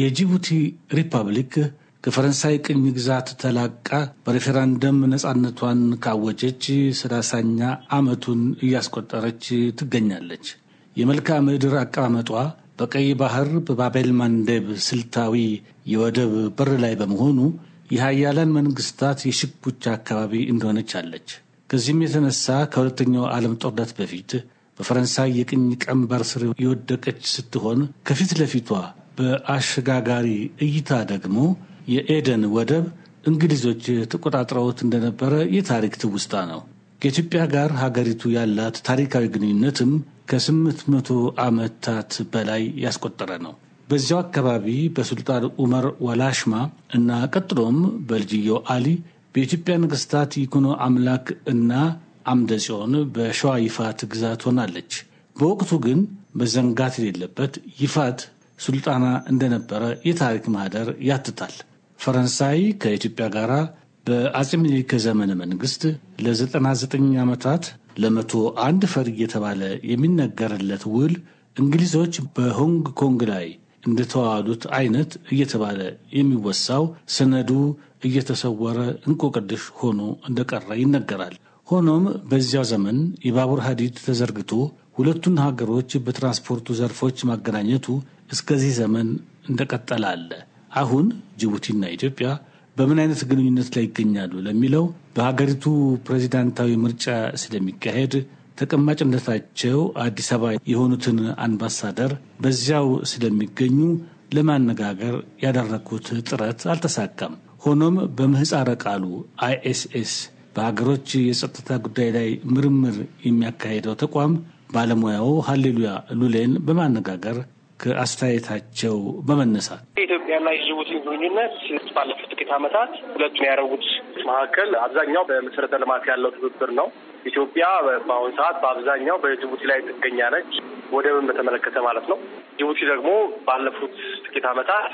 የጅቡቲ ሪፐብሊክ ከፈረንሳይ ቅኝ ግዛት ተላቃ በሬፌራንደም ነፃነቷን ካወጀች ሰላሳኛ ዓመቱን እያስቆጠረች ትገኛለች። የመልክዓ ምድር አቀማመጧ በቀይ ባህር በባቤል ማንዴብ ስልታዊ የወደብ በር ላይ በመሆኑ የሀያላን መንግስታት የሽኩቻ አካባቢ እንደሆነች አለች። ከዚህም የተነሳ ከሁለተኛው ዓለም ጦርነት በፊት በፈረንሳይ የቅኝ ቀንበር ስር የወደቀች ስትሆን ከፊት ለፊቷ በአሸጋጋሪ እይታ ደግሞ የኤደን ወደብ እንግሊዞች ተቆጣጥረውት እንደነበረ የታሪክ ትውስታ ነው። ከኢትዮጵያ ጋር ሀገሪቱ ያላት ታሪካዊ ግንኙነትም ከስምንት መቶ ዓመታት በላይ ያስቆጠረ ነው። በዚያው አካባቢ በሱልጣን ዑመር ወላሽማ እና ቀጥሎም በልጅየው አሊ በኢትዮጵያ ነገስታት ይኩኖ አምላክ እና አምደ ጽዮን በሸዋ ይፋት ግዛት ሆናለች። በወቅቱ ግን መዘንጋት የሌለበት ይፋት ሱልጣና እንደነበረ የታሪክ ማህደር ያትታል። ፈረንሳይ ከኢትዮጵያ ጋር በአጼ ምኒልክ ዘመነ መንግስት ለ99 ዓመታት ለመቶ አንድ ፈር እየተባለ የሚነገርለት ውል እንግሊዞች በሆንግ ኮንግ ላይ እንደተዋሉት አይነት እየተባለ የሚወሳው ሰነዱ እየተሰወረ እንቆቅልሽ ሆኖ እንደቀረ ይነገራል። ሆኖም በዚያው ዘመን የባቡር ሀዲድ ተዘርግቶ ሁለቱን ሀገሮች በትራንስፖርቱ ዘርፎች ማገናኘቱ እስከዚህ ዘመን እንደቀጠለ አለ። አሁን ጅቡቲና ኢትዮጵያ በምን አይነት ግንኙነት ላይ ይገኛሉ ለሚለው በሀገሪቱ ፕሬዚዳንታዊ ምርጫ ስለሚካሄድ ተቀማጭነታቸው አዲስ አበባ የሆኑትን አምባሳደር በዚያው ስለሚገኙ ለማነጋገር ያደረግኩት ጥረት አልተሳካም። ሆኖም በምህፃረ ቃሉ አይኤስኤስ በሀገሮች የጸጥታ ጉዳይ ላይ ምርምር የሚያካሄደው ተቋም ባለሙያው ሀሌሉያ ሉሌን በማነጋገር ከአስተያየታቸው በመነሳት ኢትዮጵያና የጅቡቲ ግንኙነት ባለፉት ጥቂት ዓመታት ሁለቱን ያደረጉት መካከል አብዛኛው በመሰረተ ልማት ያለው ትብብር ነው። ኢትዮጵያ በአሁኑ ሰዓት በአብዛኛው በጅቡቲ ላይ ጥገኛ ነች፣ ወደብን በተመለከተ ማለት ነው። ጅቡቲ ደግሞ ባለፉት ጥቂት ዓመታት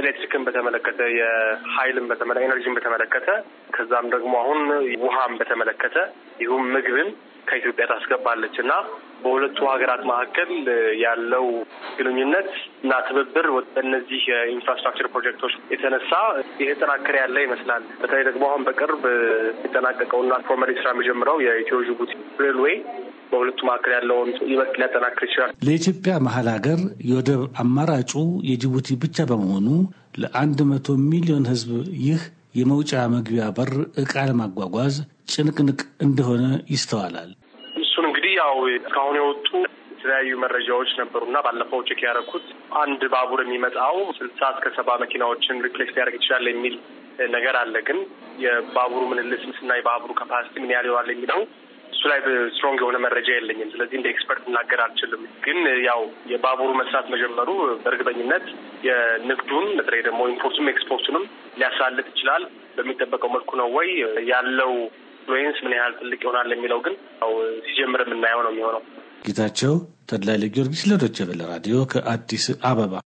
ኤሌክትሪክን በተመለከተ የሀይልን በተመለ ኤነርጂን በተመለከተ ከዛም ደግሞ አሁን ውሃን በተመለከተ ይሁም ምግብን ከኢትዮጵያ ታስገባለች እና በሁለቱ ሀገራት መካከል ያለው ግንኙነት እና ትብብር በእነዚህ የኢንፍራስትራክቸር ፕሮጀክቶች የተነሳ የተጠናከረ ያለ ይመስላል። በተለይ ደግሞ አሁን በቅርብ የተጠናቀቀውና ፎርማሊ ስራ የሚጀምረው የኢትዮ ጅቡቲ ሬልዌይ በሁለቱ መካከል ያለውን ይበልጥ ሊያጠናክር ይችላል። ለኢትዮጵያ መሀል ሀገር የወደብ አማራጩ የጅቡቲ ብቻ በመሆኑ ለአንድ መቶ ሚሊዮን ህዝብ ይህ የመውጫ መግቢያ በር እቃ ለማጓጓዝ ጭንቅንቅ እንደሆነ ይስተዋላል። እሱን እንግዲህ ያው እስካሁን የወጡ የተለያዩ መረጃዎች ነበሩና ባለፈው ቼክ ያደረኩት አንድ ባቡር የሚመጣው ስልሳ እስከ ሰባ መኪናዎችን ሪፕሌክስ ሊያደርግ ይችላል የሚል ነገር አለ። ግን የባቡሩ ምንልስ ምስና የባቡሩ ካፓሲቲ ምን ያህል ይሆናል የሚለው እሱ ላይ ስትሮንግ የሆነ መረጃ የለኝም። ስለዚህ እንደ ኤክስፐርት እናገር አልችልም። ግን ያው የባቡሩ መስራት መጀመሩ በእርግጠኝነት የንግዱን በተለይ ደግሞ ኢምፖርቱም ኤክስፖርቱንም ሊያሳልጥ ይችላል። በሚጠበቀው መልኩ ነው ወይ ያለው ኢንፍሉዌንስ ምን ያህል ትልቅ ይሆናል የሚለው ግን ያው ሲጀምር የምናየው ነው የሚሆነው። ጌታቸው ተድላይ ለጊዮርጊስ ለዶይቼ ቬለ ራዲዮ ከአዲስ አበባ